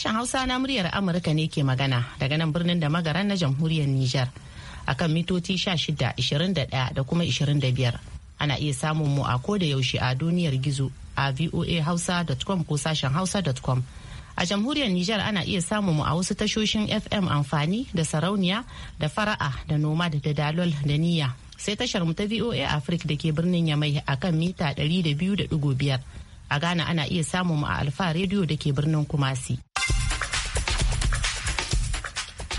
Sashen Hausa na muryar Amurka ne ke magana daga nan birnin da magaran na jamhuriyar Nijar akan mitoci shida da kuma 25. Ana iya samun mu a ko da yaushe a duniyar gizo a voahausa.com ko sashen hausa.com. A jamhuriyar Nijar ana iya samun mu a wasu tashoshin FM amfani da sarauniya da fara'a da noma da dalol da niyya. Sai tashar mu ta VOA Africa da ke birnin Yamai akan mita 200.5. a Ghana ana iya samun mu a Alfa rediyo da ke birnin Kumasi.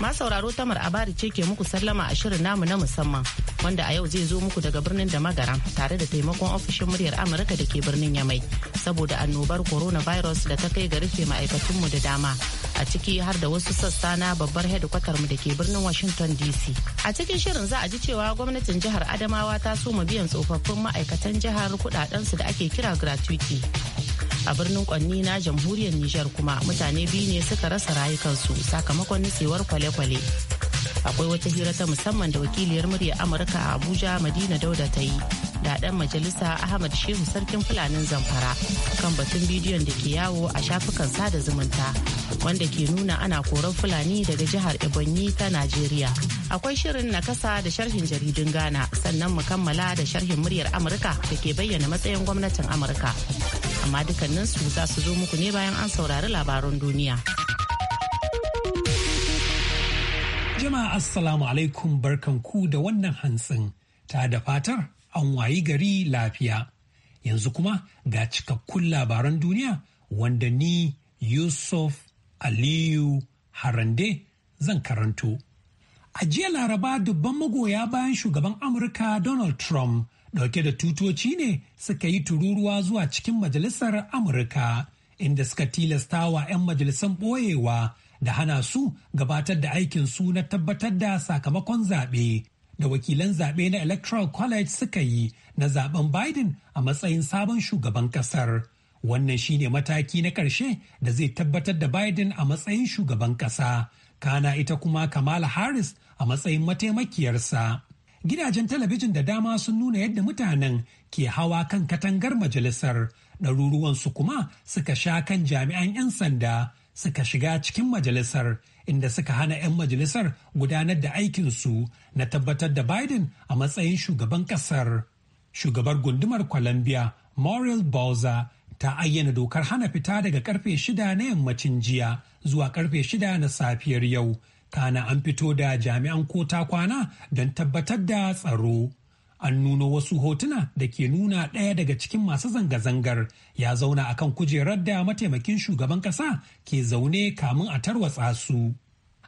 Ma sauraro tamar abari ce ke muku sallama a shirin namu na musamman wanda a yau zai zo muku daga birnin da magara tare da taimakon ofishin muryar Amurka da ke birnin Yamai saboda annobar coronavirus da ta kai ga rufe ma'aikatunmu da dama a ciki har da wasu sassa na babbar hedikwatar mu da ke birnin Washington DC. A cikin shirin za a ji cewa gwamnatin jihar Adamawa ta suma biyan tsofaffin ma'aikatan jihar kudaden su da ake kira gratuity a birnin kwanni na jamhuriyar nijar kuma mutane biyu ne suka rasa rayukansu sakamakon nutsewar kwale-kwale akwai wata hira ta musamman da wakiliyar murya amurka a abuja madina dauda ta yi da dan majalisa ahmad shehu sarkin fulanin zamfara kan batun bidiyon da ke yawo a shafukan sada zumunta wanda ke nuna ana koran fulani daga jihar ebonyi ta najeriya akwai shirin na kasa da sharhin jaridun ghana sannan mu kammala da sharhin muryar amurka da ke bayyana matsayin gwamnatin amurka amma dukkaninsu za su zo muku ne bayan an saurari labaran duniya. Jama'a Assalamu alaikum barkanku da wannan hantsin ta da fatar an wayi gari lafiya. Yanzu kuma ga cikakkun labaran duniya wanda ni Yusuf Aliyu Harande zan karanto. A jiya laraba dubban magoya bayan shugaban Amurka Donald Trump dauke da tutoci ne suka yi tururuwa zuwa cikin majalisar amurka inda suka tilasta wa 'yan majalisan boyewa da hana su gabatar da aikin su na tabbatar da sakamakon zaɓe da wakilan zaɓe na electoral college suka yi na zaben biden a matsayin sabon shugaban ƙasar wannan shine mataki na ƙarshe da zai tabbatar da biden a matsayin shugaban ƙasa kana ita kuma kamala harris a matsayin mataimakiyarsa gidajen talabijin da dama sun nuna yadda mutanen ke hawa kan katangar majalisar ɗaruruwansu kuma suka sha kan jami'an 'yan sanda suka shiga cikin majalisar inda suka hana 'yan majalisar gudanar da aikinsu na tabbatar da biden a matsayin shugaban kasar shugabar gundumar columbia moral bowser ta ayyana dokar hana fita daga karfe shida na yammacin jiya zuwa karfe shida na safiyar yau kana an fito da jami'an kota kwana don tabbatar da tsaro an nuno wasu hotuna da ke nuna ɗaya daga cikin masu zanga-zangar ya zauna akan kujerar da mataimakin shugaban ƙasa ke zaune kamun a tarwatsa su.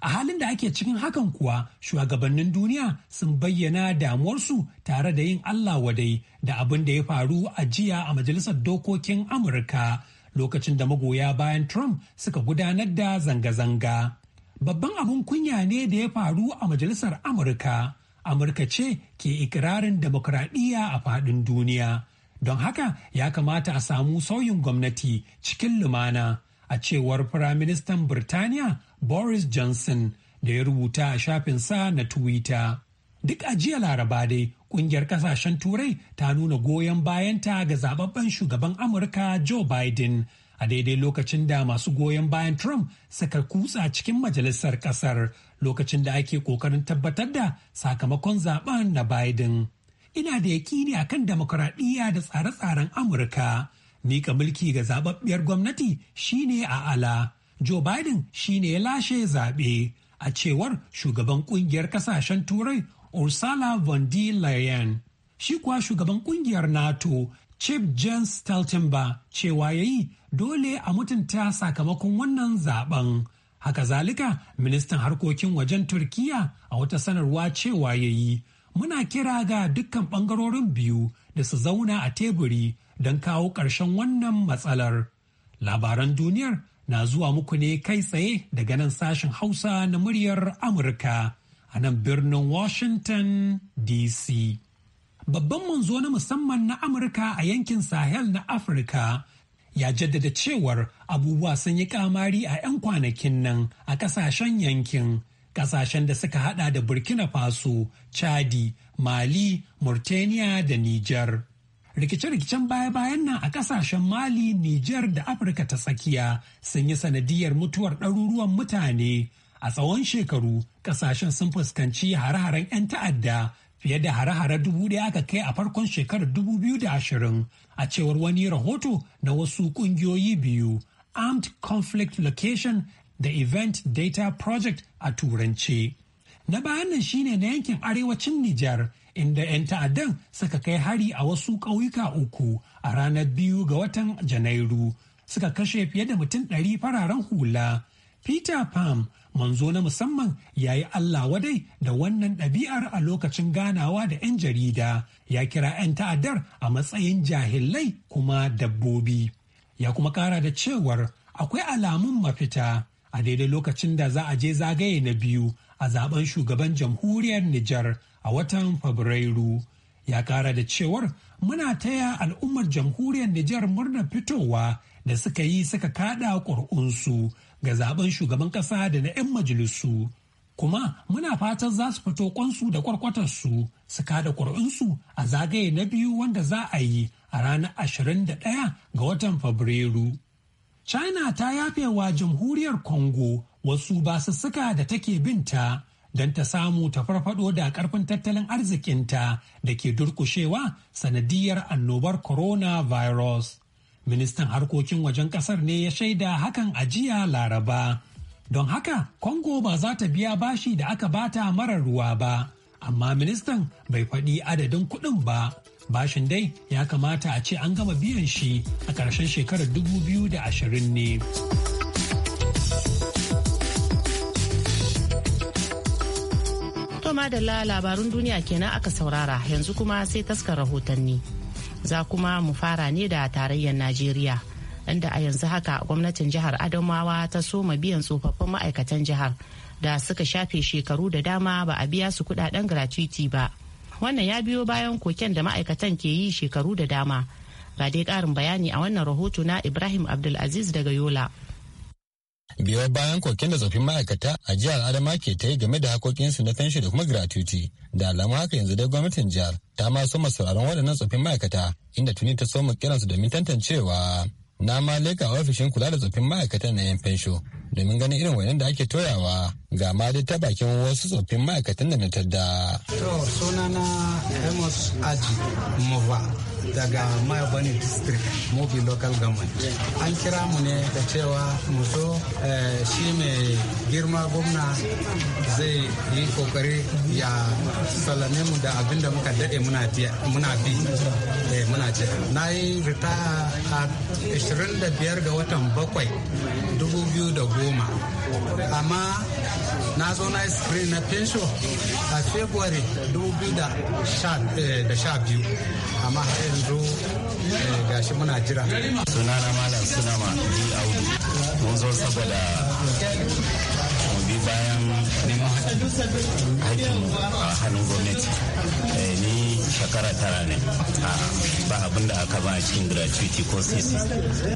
A halin da ake cikin hakan kuwa shugabannin duniya sun bayyana damuwarsu tare da yin Allah wadai da abin da ya faru a jiya a Majalisar Dokokin Amurka lokacin da magoya bayan Trump suka gudanar da zanga-zanga. babban abin kunya ne da ya faru a majalisar amurka amurka ce ke ikirarin demokradiyya a faɗin duniya don haka ya kamata a samu sauyin gwamnati cikin lumana a cewar firaministan birtaniya boris johnson da ya rubuta a shafinsa na twitter duk a jiya laraba dai kungiyar kasashen turai ta nuna goyon bayanta ga zababben shugaban amurka joe biden a daidai lokacin da masu goyon bayan Trump suka kutsa cikin majalisar kasar lokacin da ake kokarin tabbatar da sakamakon zaben na Biden. Ina da yakini kan demokuraɗiyya da tsare-tsaren Amurka. Mika mulki ga zababbiyar gwamnati shine a ala. Joe Biden shine ya lashe zaɓe a cewar shugaban kungiyar kasashen turai Ursula von der Leyen. Shi kuwa shugaban kungiyar NATO chief james steltenba cewa ya yi dole a mutunta sakamakon wannan zaben haka zalika ministan harkokin wajen turkiya a wata sanarwa cewa ya yi muna kira ga dukkan bangarorin biyu da su zauna a teburi don kawo ƙarshen wannan matsalar labaran duniyar na zuwa muku ne kai tsaye daga nan sashen hausa na muryar amurka a nan birnin washington dc babban manzo na musamman na Amurka a yankin Sahel na Afirka, ya jaddada cewar abubuwa sun yi kamari a 'yan kwanakin nan a kasashen yankin. Kasashen da suka hada da Burkina Faso, Chadi, Mali, Murtaniya da Niger. rikice-rikicen baya-bayan nan a kasashen mali niger da afirka ta tsakiya sun yi sanadiyar mutuwar ɗaruruwan mutane a tsawon shekaru kasashen sun fuskanci hare-haren 'yan ta'adda fiye da hare-hare dubu ɗaya aka kai a farkon shekarar dubu biyu da ashirin a cewar wani rahoto na wasu ƙungiyoyi biyu armed conflict location da event data project a turanci. na bayan shine na yankin arewacin nijar inda 'yan ta'addan suka kai hari a wasu ƙauyuka uku a ranar biyu ga watan janairu suka kashe fiye da mutum ɗari fararen hula Peter Pham manzo na musamman ya yi Allah wadai da wannan ɗabi'ar a lokacin ganawa da 'yan jarida ya kira 'yan ta'addar a matsayin jahilai kuma dabbobi. Ya kuma kara da cewar akwai alamun mafita a daidai lokacin da za a je zagaye na biyu a zaben shugaban jamhuriyar Nijar a watan Fabrairu. Ya kara da cewar muna taya al'ummar jamhuriyar Nijar murnar fitowa da suka yi suka kaɗa ƙuri'unsu ga zaben shugaban ƙasa da na 'yan majalisu kuma muna fatan za su fito kwansu da kwarkwatarsu su kada ƙuri'unsu a zagaye na biyu wanda za a yi a ranar 21 ga watan fabrairu china ta yafe wa jamhuriyar congo wasu basussuka da take binta don ta samu ta farfado da karfin tattalin arzikinta da ke durkushewa sanadiyar annobar coronavirus ministan harkokin wajen kasar ne ya shaida hakan a jiya laraba don haka Kongo ba za ta biya bashi da aka bata marar ruwa ba amma ministan bai faɗi adadin kuɗin ba bashin dai ya kamata a ce an gama biyan shi a ƙarshen shekarar dubu biyu da ashirin ne to madalla labarun duniya kenan aka saurara yanzu kuma sai taskar rahotanni za kuma mu fara ne da tarayyar najeriya inda a yanzu haka gwamnatin jihar adamawa ta soma biyan tsofaffin ma'aikatan jihar da suka shafe shekaru da dama ba a biya su kudaden gratuity ba wannan ya biyo bayan koken da ma'aikatan ke yi shekaru da dama ba dai karin bayani a wannan rahoto na ibrahim abdulaziz daga yola biyar bayan koken da tsofin ma'aikata a jihar adama ke ta yi game da hakokinsu na fenshi da kuma gratuity da alamu haka yanzu dai gwamnatin jihar ta ma soma sauraron waɗannan tsofin ma'aikata inda tuni ta soma kiransu domin tantancewa na ma leka ofishin kula da tsofin ma'aikata na yan fensho domin ganin irin wayan da ake toyawa ga ma dai ta bakin wasu tsofin ma'aikatan da na tadda. To sunana Amos Aji Mova. daga Mayabani district Mobi local government. An kira mu ne da cewa mu zo eh, shi mai girma gwamna zai yi kokari ya salame mu da abin da muka daɗe muna bi eh, muna ce. Na yi rita a 25 ga watan bakwai 2010 amma na zo na spring na pensho a february 2012 eh, amma har yanzu eh, gashi muna jira sunana malam sunama ji audu mun zo saboda mu bi bayan neman aikin a hannun gwamnati eh, ni shekara tara ne ba abin da aka ba a cikin gratuity ko cc.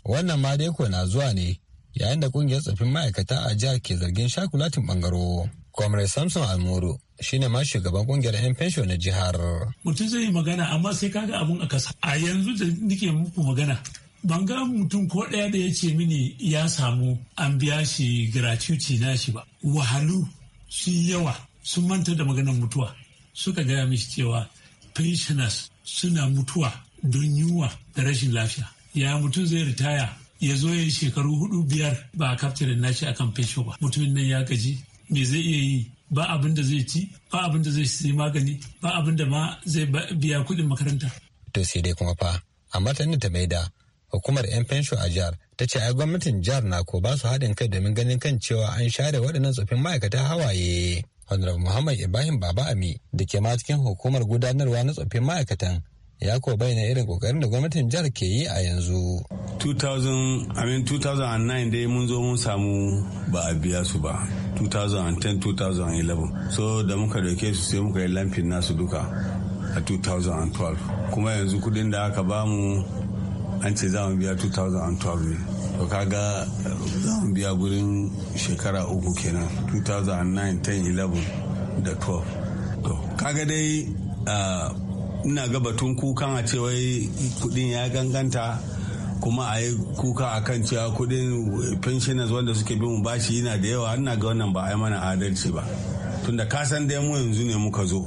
wannan ma dai na zuwa ne yayin da kungiyar tsafin ma'aikata a jihar ke zargin shakulatin bangaro comrade samson almoro shine ma shugaban kungiyar 'yan fensho na jihar. Mutum zai yi magana amma sai kaga abun a kasa. A yanzu da nike muku magana ban ga mutum ko ɗaya da ya ce mini ya samu an biya shi gratuity na shi ba. Wahalu sun yawa sun manta da maganar mutuwa. Suka gaya mishi cewa pensioners suna mutuwa don yunwa da rashin lafiya. Ya mutum zai ritaya ya zo ya yi shekaru hudu biyar ba a kaftirin nashi akan fensho ba. Mutumin nan ya gaji me zai iya yi ba abin da zai ci ba abin da zai sai magani ba abin da ma zai biya kuɗin makaranta. To sai dai kuma fa a martanin ta maida hukumar 'yan fensho a jihar ta ce ai gwamnatin jihar na ko ba su haɗin kai domin ganin kan cewa an share waɗannan tsofin ma'aikata hawaye. Honorable Muhammad Ibrahim Baba Ami da ke ma cikin hukumar gudanarwa na tsoffin ma'aikatan ya ko bayyana irin kokarin da gwamnatin jihar ke yi a yanzu. 2000 I mean 2009 dai mun zo mun samu ba a biya su ba 2010 2011 so da muka dauke su sai muka yi lamfin nasu duka a 2012 kuma yanzu kudin da aka bamu an ce za mu biya 2012 ne to kaga za mu biya gurin shekara uku kenan 2009 10 11 da 12 to kaga dai ah, ina ga batun kuka a cewa kudin ya ganganta kuma a yi kuka a kan cewa kudin pensioners wanda suke bin bashi yana da yawa ina ga wannan ba a yi mana adalci ba tunda ka san dai mu yanzu ne muka zo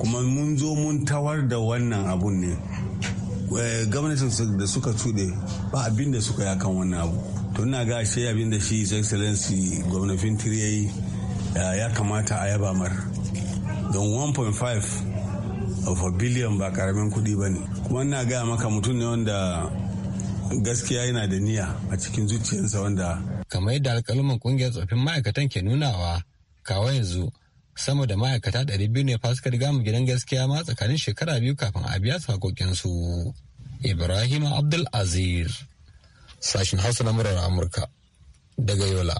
kuma mun zo mun tawar da wannan abun ne eh, gwamnatin da suka cuɗe ba abin da suka yi kan wannan abu to ina ga shi abin da shi excellency gwamnatin tiri ya kamata a yaba mar don 1.5 of a billion ba karamin kuɗi ba ne kuma ina gaya maka mutum ne wanda gaskiya yana da niyya a cikin zuciyarsa wanda kamar yadda alƙaluman kungiyar tsofin ma'aikatan ke nunawa kawai yanzu sama da ma'aikata ɗari biyu ne fa suka gidan gaskiya ma tsakanin shekara biyu kafin a biya su Ibrahim Abdul azir sashin Hausa na murar Amurka daga Yola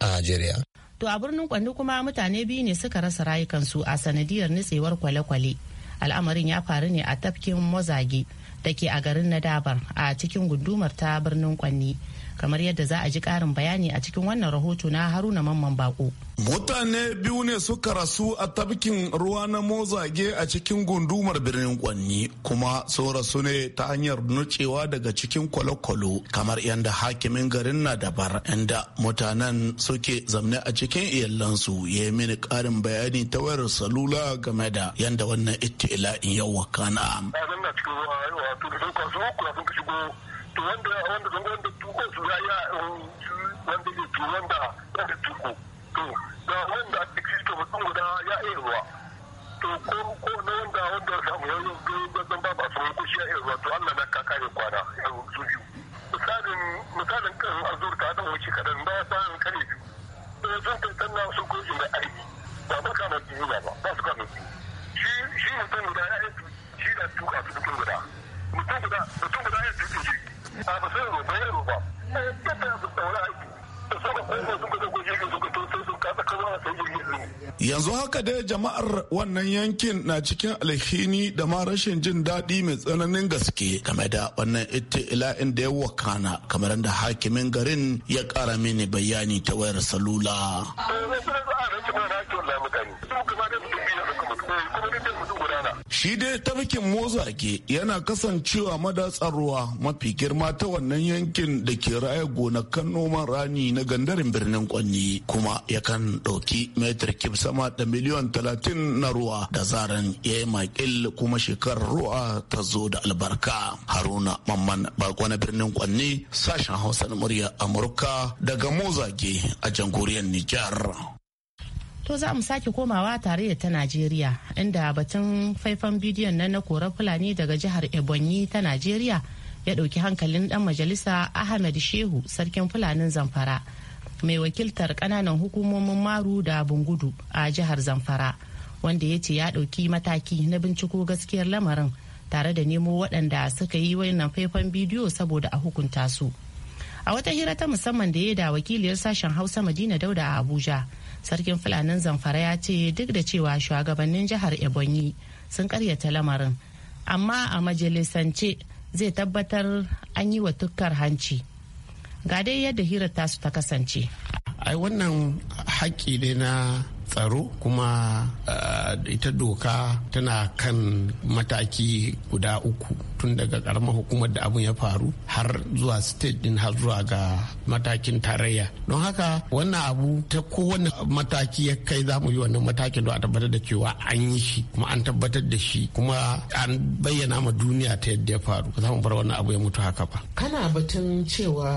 a Najeriya. To a birnin Kwando kuma mutane biyu ne suka rasa rayukansu a sanadiyar nitsewar kwale-kwale. al'amarin ya faru ne a tafkin mozagi da ke a garin nadabar a cikin gundumar ta birnin kwanni kamar yadda za a ji karin bayani a cikin wannan rahoto na haruna mamman bako mutane biyu ne suka rasu a tabkin ruwa na mozage a cikin gundumar birnin kwanni kuma sun rasu ne ta hanyar nucewa daga cikin kwalokwalo kamar yadda hakimin garin na dabar inda mutanen suke zamne a cikin iyalansu ya yi mini karin bayani ta wayar salula game da yadda wannan ittila'in yau wakana. to wanda wanda wanda tuko su ya ya wanda ke tu wanda wanda tuko to da wanda ake kristo mutum guda ya iya ruwa to ko ko na wanda wanda samu ya yi ga zan ba ba su ko shi ya iya ruwa to Allah na kaka ya kwana ya su biyu misalin misalin kan azur ta dan wuce kadan ba ya san kare biyu to sun tantanna su ko su mai aiki ba ba ka mutum ba ba su ka mutum shi shi mutum guda ya yi shi da tuka su mutum guda mutum guda mutum guda ya tuka yanzu haka dai jama'ar wannan yankin na cikin alhini da ma rashin jin daɗi mai tsananin gaske game da wannan ita ittila'in da ya wakana kamar da hakimin garin ya ƙara mini bayani ta wayar salula. Eh, Shi dai tafkin Mozake yana kasancewa madatsar ruwa mafi girma ta wannan yankin da ke raya gonakan noman rani na gandarin birnin Kwanni kuma yakan ɗauki metar kif sama da miliyan talatin na ruwa da zaran ya yi makil kuma shekarar ruwa ta zo da albarka. Haruna Mamman Barko na birnin Kwanni sashen Hausa na murya Amurka daga Mozake a jamhuriyar Nijar. to za mu sake komawa tarayyar ta najeriya inda batun faifan bidiyon nan na kora fulani daga jihar ebonyi ta najeriya ya dauki hankalin dan majalisa ahmed shehu sarkin fulanin zamfara mai wakiltar kananan hukumomin maru da bungudu a jihar zamfara wanda ya ce ya dauki mataki na binciko gaskiyar lamarin tare da nemo waɗanda suka yi wannan faifan bidiyo saboda a hukunta su a wata hira ta musamman da ya da wakiliyar sashen hausa madina dauda a abuja sarkin fulanin zamfara ya ce duk da cewa shugabannin jihar ebonyi sun karyata lamarin amma a majalisance zai tabbatar an yi wa tukkar hanci ga dai yadda hirar tasu ta kasance ai wannan haƙƙi ne na tsaro kuma eh, ita doka tana kan mataki guda uku tun daga karamar hukumar da abin ya faru har zuwa state din har zuwa ga matakin tarayya don haka wannan abu ta kowane mataki ya kai za mu yi wannan matakin don a tabbatar da cewa an yi shi kuma an tabbatar da shi kuma an bayyana ma duniya ta yadda ya faru za mu bar wannan abu ya mutu haka ba kana batun cewa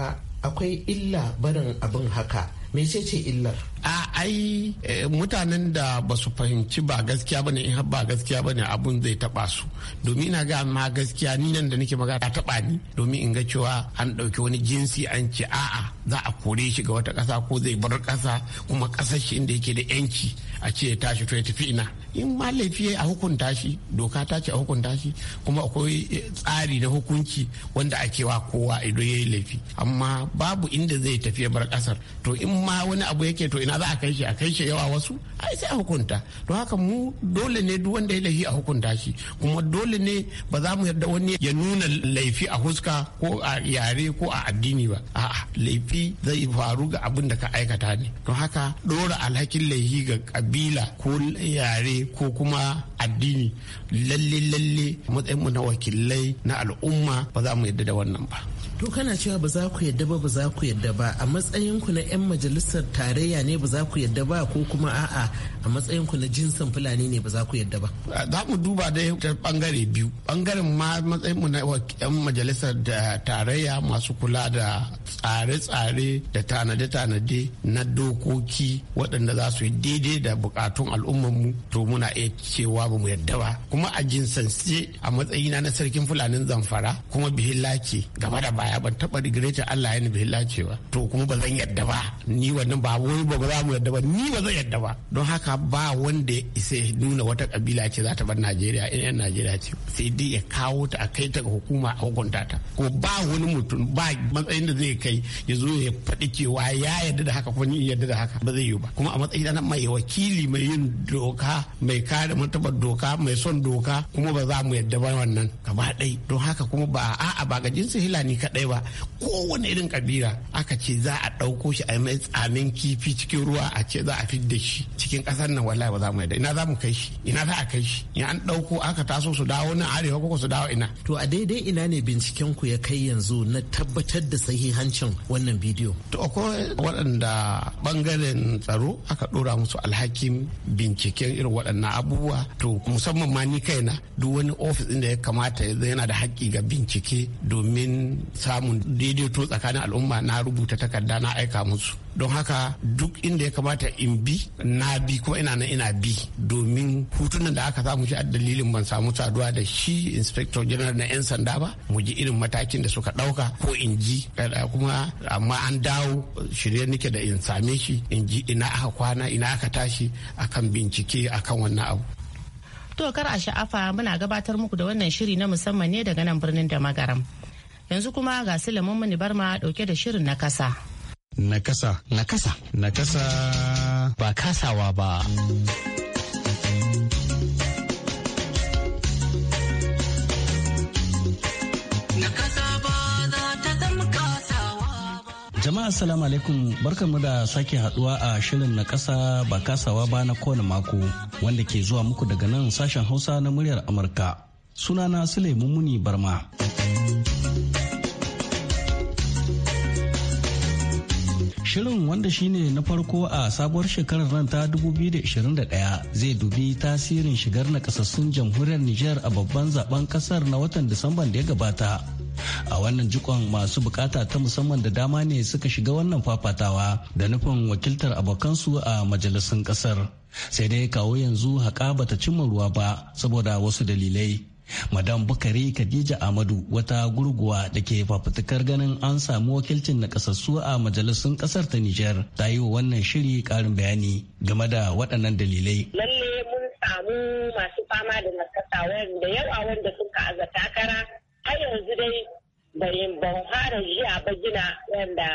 akwai illa barin abin haka mecece illar a ai eh, mutanen da ba su fahimci ba gaskiya bane in ba gaskiya bane abun zai taba su domin ina ga ma gaskiya ni nan da nake magana ta taba ni domin in ga cewa an dauki wani jinsi an ce a'a za a kore shi ga wata kasa ko zai bar kasa kuma kasar shi inda yake da yanci a ce ya tashi to ya tafi ina in ma laifi a hukunta shi doka ta ce a hukunta shi kuma akwai eh, tsari na hukunci wanda ake wa kowa idan ya yi laifi amma babu inda zai tafi ya bar kasar to in ma wani abu yake to ina za a kai shi a kai shi yawa wasu ai sai a hukunta to haka mu dole ne duk wanda ya laifi a hukunta shi kuma dole ne ba za mu yarda wani ya nuna laifi a huska ko a yare ko a addini ba a'a laifi zai faru ga abin da ka aikata ne to haka dora alhakin laifi ga kabila ko yare ko kuma addini lalle lalle matsayinmu na wakilai na al'umma ba za mu yadda da wannan ba to kana cewa ba za ku yadda ba ba za ku yadda ba a matsayinku na 'yan majalisar tarayya ne ba za ku yadda ba ko kuma a'a a matsayinku na jinsin fulani ne ba za ku yadda ba za mu duba dai ta bangare biyu bangaren ma matsayinmu na 'yan majalisar da tarayya masu kula da tsare-tsare da tanade-tanade na dokoki waɗanda za su yi daidai da bukatun mu to muna iya cewa ba mu yadda ba kuma a jinsance a matsayina na sarkin fulanin zamfara kuma bihilla ce gaba da baya ban taba rigireta Allah ya bihilla ce ba to kuma ba zan yadda ba ni wannan ba wai ba za mu yadda ba ni ba zan yadda ba don haka ba wanda ya isa nuna wata kabila ce za ta bar Najeriya in yan Najeriya ce sai dai ya kawo ta a kai ta ga hukuma a hukunta ta ko ba wani mutum ba matsayin da zai kai ya zo ya faɗi cewa ya yadda da haka ko ni yadda da haka ba zai yi ba kuma a matsayi na mai wakili mai yin doka mai kare martabar doka mai son doka kuma ba za mu yadda ba wannan gaba ɗai don haka kuma ba a'a ba ga jinsin hilani kaɗai ba kowane irin kabila aka ce za a ɗauko shi a mai tsamin kifi cikin ruwa a ce za a da shi cikin ƙasar nan wallahi ba za mu yadda ina za mu kai shi ina za a kai shi in an ɗauko aka taso su dawo nan arewa ko su dawo ina. to a daidai ina ne binciken ku ya kai yanzu na tabbatar da sahihancin wannan bidiyo. to akwai waɗanda bangaren tsaro aka ɗora musu alhakin binciken irin waɗannan abubuwa to musamman ma ni kaina duk wani ofis da ya kamata yana da haƙƙi ga bincike domin samun daidaito tsakanin al'umma na rubuta takarda na aika musu don haka duk inda ya kamata in bi na bi kuma ina nan ina bi domin hutunan da aka samu shi a dalilin ban samu saduwa da shi inspector general na 'yan sanda ba mu ji irin matakin da suka ɗauka ko in ji kuma amma an dawo shirye nake da in same shi in ji ina aka kwana ina aka tashi akan bincike akan wannan abu To kar a sha'afa muna gabatar muku da wannan shiri na musamman ne daga nan birnin da magaram. Yanzu kuma ga Sulaiman Muni Barma dauke da shirin na kasa. Na kasa. Na kasa. Na kasa. Ba kasawa ba. Jama'a assalamu alaikum barkanmu da sake haduwa a shirin na kasa ba kasawa ba na kowane mako wanda ke zuwa muku daga nan sashen Hausa na muryar Amurka. Sunana Sule Muni Barma. Shirin wanda shine na farko a sabuwar shekarar nan ta 2021 zai dubi tasirin shigar na kasassun jamhuriyar Nijar a babban zaben kasar na watan Disamban da ya gabata a wannan jikon masu bukata ta musamman da dama ne suka shiga wannan fafatawa da nufin wakiltar abokansu a majalisun kasar sai dai kawo yanzu haƙa bata cimma ruwa ba saboda wasu dalilai madam bukari khadija amadu wata gurguwa da ke fafutukar ganin an samu wakilcin na kasassu a majalisun kasar ta nijar ta yi wa wannan shiri karin bayani game da waɗannan dalilai lalle mun samu masu fama da nakasa da yawa wanda suka aza takara har yanzu dai bayin ban fara jiya ba gina wanda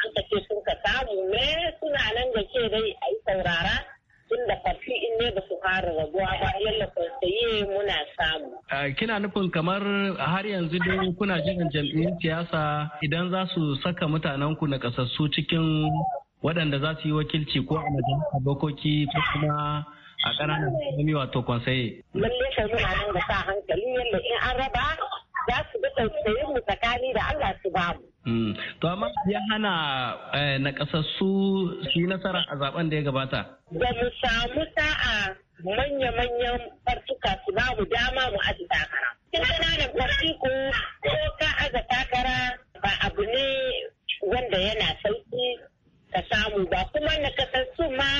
an ce sun ka samu ne suna nan da ke dai a yi saurara tun da fafi in ne ba su fara rabuwa ba yalla kwasaye muna samu. kina nufin kamar har yanzu dai kuna jiran jam'iyyun siyasa idan za su saka mutanen ku na kasassu cikin waɗanda za su yi wakilci ko a majalisar dokoki ko kuma a ƙananan hukumomi wato kwansaye. Lalle ka muna nan da sa hankali yalla in an raba za su ga tausayin mu tsakani da Allah su ba mu. Mm. To amma ya hana eh, nakasassu su yi nasara a zaben da ya gabata. Da mu samu sa'a manya-manyan fartuka su ba mu dama mu aji takara. na da farko ko ka aza takara ba abu ne wanda yana sauki ka samu ba kuma nakasassu ma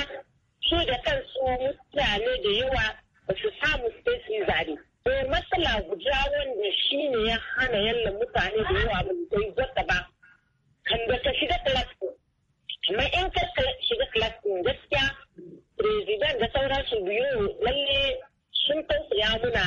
su da kansu mutane da yawa ba su samu sai su yi eh matsala guda wanda shi ne ya hana yalla mutane da yawa abin da yi zata ba kan da ta shiga classroom kuma in ka shiga classroom gaskiya president da sauransu biyu lalle sun tausaya muna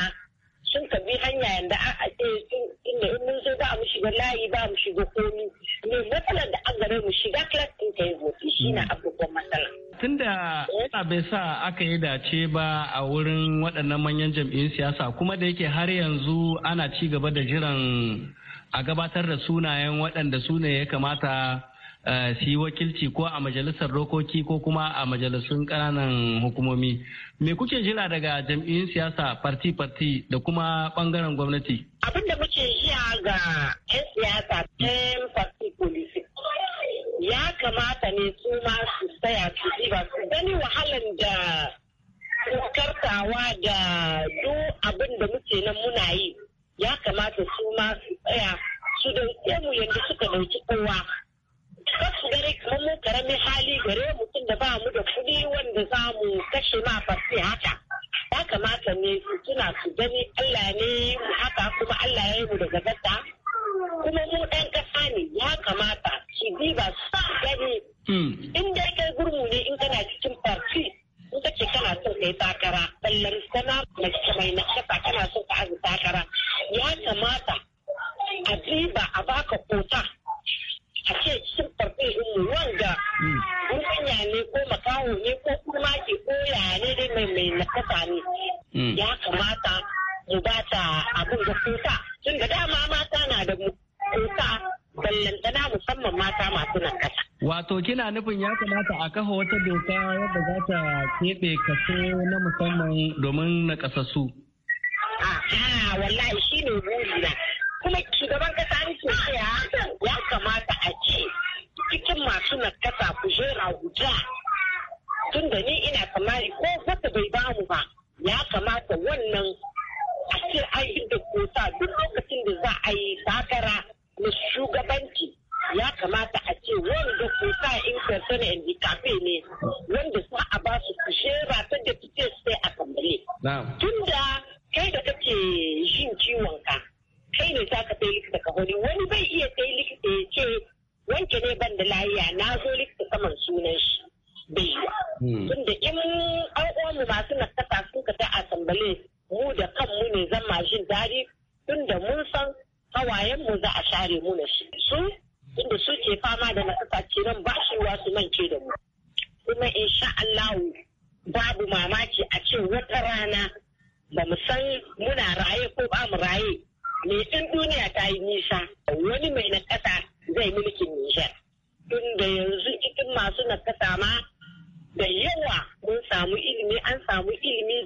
sun ka bi hanya yanda a ce eh, inda in mun zo ba mu shiga layi ba mu shiga komi ne matsalar da an gare mu shiga class din ta yi vote shi na abubuwan matsala. Tunda Allah bai sa aka yi dace ba a wurin waɗannan manyan jam'iyyun siyasa kuma da yake har yanzu ana ci gaba da jiran a gabatar da sunayen waɗanda su ne ya kamata Eh, su yi wakilci ko a majalisar dokoki ko kuma a majalisun ƙananan hukumomi. Me kuke jira daga jam'iyyun siyasa farti-farti da kuma ɓangaren gwamnati? Abin da muke iya ga 'yan siyasa ta polisi. Ya kamata ne su ma su tsaya su ba su gani wahalan da fuskartawa da duk abin da muke nan muna yi. Ya kamata su ma su tsaya su dauke mu yadda suka dauki kowa. kasu gare kamar mu karamin hali gare mutum da ba mu da kuɗi wanda za mu kashe ma farfi haka ya kamata ne su tuna su gani Allah ne haka kuma Allah ya yi mu daga gata kuma mu ɗan ƙasa ne aka keɓe kaso na musamman domin na kasassu? A'a wallahi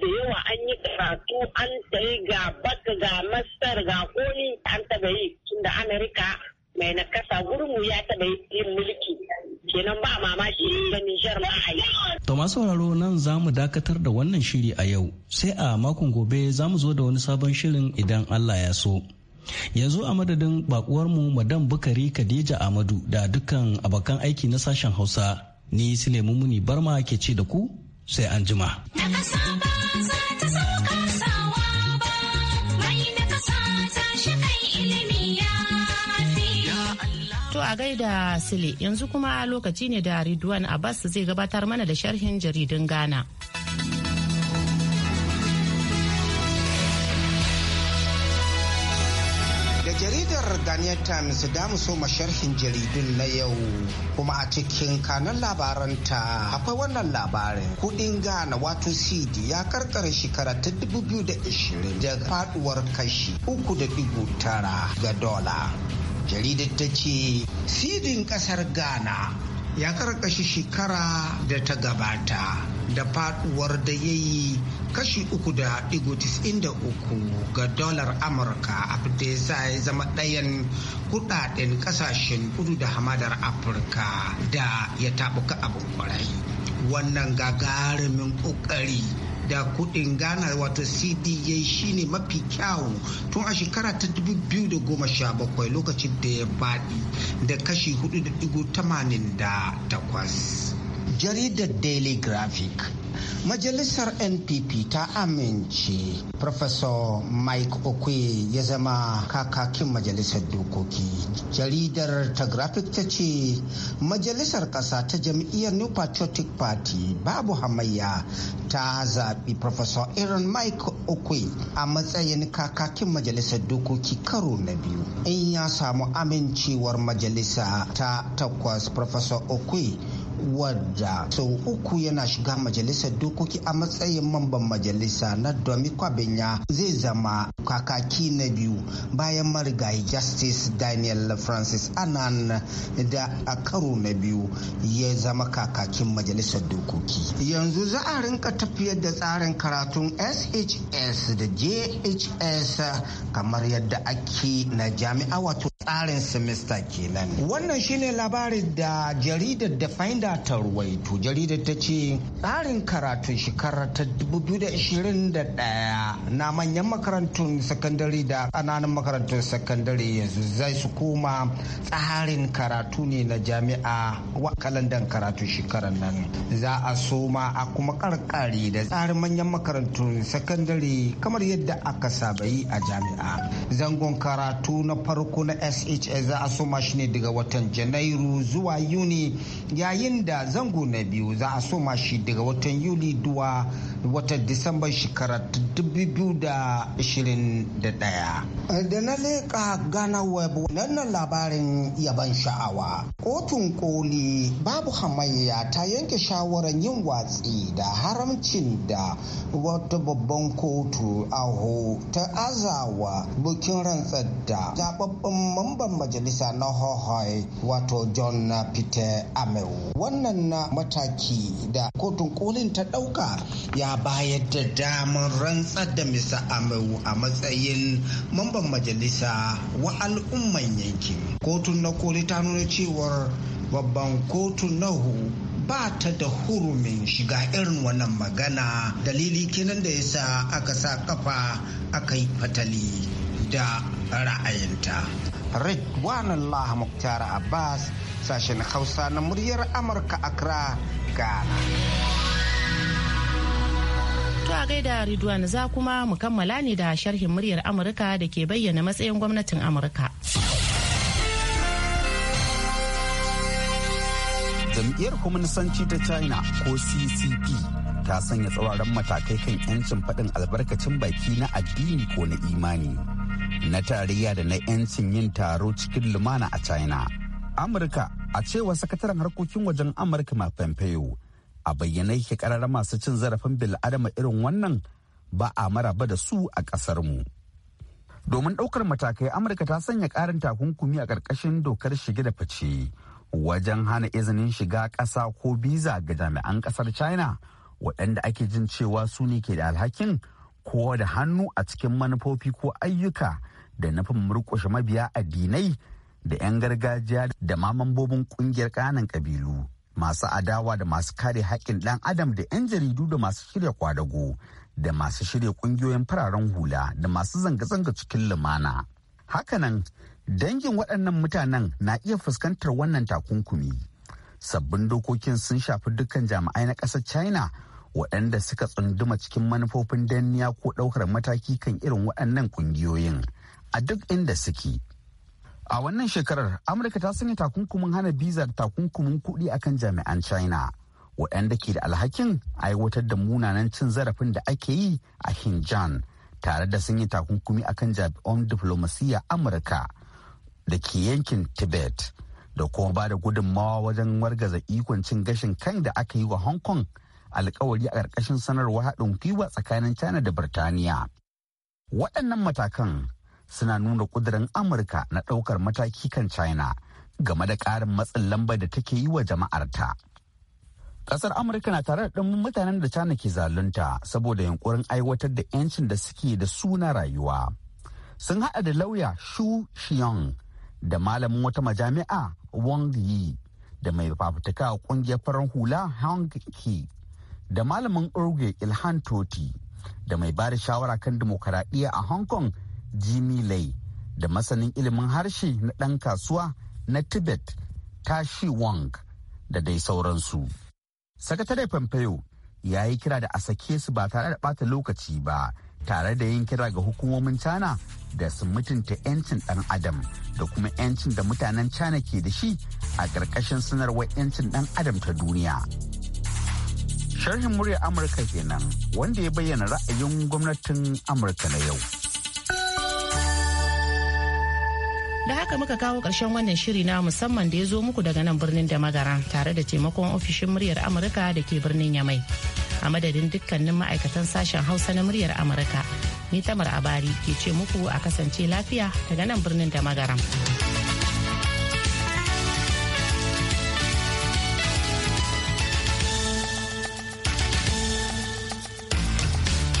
wurare da yawa an yi karatu an yi ga baka ga masar ga koli an taba yi tunda amerika mai nakasa gurmu ya taba yin mulki kenan ba mamaki da nijar ma a yi. to masu sauraro nan za mu dakatar da wannan shiri a yau sai a makon gobe za mu zo da wani sabon shirin idan allah ya so. yanzu a madadin mu madam bukari khadija amadu da dukkan abokan aiki na sashen hausa ni sulaimu muni barma ke ce da ku sai an jima. a gaida Sile yanzu kuma lokaci ne da Ridwan Abbas zai gabatar mana da sharhin jaridun Ghana. jaridar Ghanaian Times da mu so sharhin jaridun na yau kuma a cikin kanan labaranta akwai wannan labarin kudin Ghana wato CD ya karkara shekara ta 2020 da faduwar kashi 3.9 ga dola. jaridar ta ce sidin kasar ghana ya karkashi shekara da ta gabata da faduwar da ya yi kashi uku da digo uku ga dolar amurka abinda ya sa ya zama ɗayan kudaden kasashen kudu da hamadar afirka da ya tabuka abin kwarai wannan gagarumin kokari da kudin ghana wato yayi shine mafi kyawu tun a shekara ta 2017 lokacin da ya baɗi da kashi 4.88 jaridar daily graphic majalisar npp ta amince professor mike okwe ya zama kakakin majalisar dokoki jaridar ta graphic ta ce majalisar ƙasa ta jam'iyyar new patriotic party babu hamayya ta zaɓi professor aaron mike okwe a matsayin kakakin majalisar dokoki karo na biyu in ya samu amincewar majalisa ta takwas professor okwe wadda sau uku yana shiga majalisar dokoki a matsayin mamban majalisa na domi kwabinya zai zama kakaki na biyu bayan marigayi justice daniel francis anan da a karo na biyu ya zama kakakin majalisar dokoki yanzu za a rinka tafiyar da tsarin karatun shs da jhs kamar yadda ake na jami'a wato tsarin simista kenan wannan shine labarin da jaridar da finder ta ruwaito jaridar ta ce tsarin karatun shekarar ta 2021 na manyan makarantun sakandare da ƙananan makarantun sakandare yanzu zai su koma tsarin karatu ne na jami'a wa kalandan karatu shekarar nan za a soma a kuma karkare da tsarin manyan makarantun sakandare kamar yadda aka saba yi a jami'a zangon karatu na farko na shs za a soma shi ne daga watan janairu zuwa yuni yayin da zango na biyu za a soma shi daga watan yuli zuwa watan Disamba shekarar 2021 da na leƙa ghana web wannan labarin yaban sha'awa kotun koli babu hamayya ta yanke shawarar yin watsi da haramcin da wata babban kotu aho ta azawa bukin rantsar da zababben mamban majalisa na hohoi wato john peter amew wannan na mataki da kotun kolin ta dauka ya bayar da damar rantsar da mr amew a matsayin mamban majalisa wa al'umman yankin kotun na koli ta nuna cewar babban kotun nahu ba ta da hurumin shiga irin wannan magana dalili kenan da ya sa aka sa kafa aka yi fatali da ra'ayinta Ridwanullah Muktar Abbas sashen Hausa na muryar Amurka Accra, Ghana. To a gaida Ridwan za kuma mu kammala ne da sharhin muryar Amurka da ke bayyana matsayin gwamnatin Amurka. Jam'iyyar Kwaminisanci ta China ko CCP ta sanya tsawaran matakai kan 'yancin faɗin albarkacin baki na addini ko na imani. na tarayya da na 'yancin yin taro cikin lumana a china amurka a cewa sakataren harkokin wajen amurka ma pompeo a bayyana yake karara masu cin zarafin bil'adama irin wannan ba a maraba da su a ƙasar mu domin daukar matakai amurka ta sanya karin takunkumi a ƙarƙashin dokar shige da fice wajen hana izinin shiga ƙasa ko biza ga jami'an ƙasar china waɗanda ake jin cewa su ne ke da alhakin ko da hannu a cikin manufofi ko ayyuka da nufin murƙushe mabiya addinai da 'yan gargajiya da ma mambobin ƙungiyar ƙananan ƙabilu masu adawa da masu kare haƙƙin ɗan adam da 'yan jaridu da masu shirya kwadago da masu shirya ƙungiyoyin fararen hula da masu zanga-zanga cikin lumana. Hakanan dangin waɗannan mutanen na iya fuskantar wannan takunkumi. Sabbin dokokin sun shafi dukkan jami'ai na ƙasar China waɗanda suka tsunduma cikin manufofin danniya ko ɗaukar mataki kan irin waɗannan ƙungiyoyin a duk inda suke. A wannan shekarar, Amurka ta sanya takunkumin hana bizar takunkumin kuɗi akan jami'an China, waɗanda ke da alhakin aiwatar da munanan cin zarafin da ake yi a Xinjiang, tare da sanya takunkumi akan jami'an diflomasiyya Amurka da ke yankin Tibet, da kuma ba da gudunmawa wajen wargaza ikon cin gashin kan da aka yi wa Hong Kong alkawari a ƙarƙashin sanarwa haɗin gwiwa tsakanin china da birtaniya waɗannan matakan suna nuna ƙudurin amurka na ɗaukar mataki kan china game da ƙarin matsin lamba da take yi wa jama'arta ƙasar amurka na tare da ɗumbin mutanen da china ke zalunta saboda yunkurin aiwatar da 'yancin da suke da suna rayuwa sun haɗa da lauya shu shiong da malamin wata majami'a wang yi da mai fafutuka a ƙungiyar farar hula hong ki da malamin Urge Ilhan Toti da mai ba da shawara kan demokaradiyya a Hong Kong Jimmy Lai da masanin ilimin harshe na ɗan kasuwa na Tibet Tashi Wang da dai sauransu. Sakatare Pompeo ya yi kira da a sake su ba tare da bata lokaci ba tare da yin kira ga hukumomin China da su mutunta 'yancin ɗan adam da kuma 'yancin da mutanen China ke da shi a ƙarƙashin sanarwar 'yancin ɗan adam ta duniya. Sharhin murya Amurka kenan wanda ya bayyana ra'ayin gwamnatin Amurka na yau. Da haka muka kawo ƙarshen wannan shiri na musamman da ya zo muku daga nan birnin da magara tare da taimakon ofishin muryar Amurka da ke birnin Yamai. A madadin dukkanin ma'aikatan sashen Hausa na muryar Amurka, ni Tamar Abari ke ce muku a kasance lafiya daga nan birnin da magaram.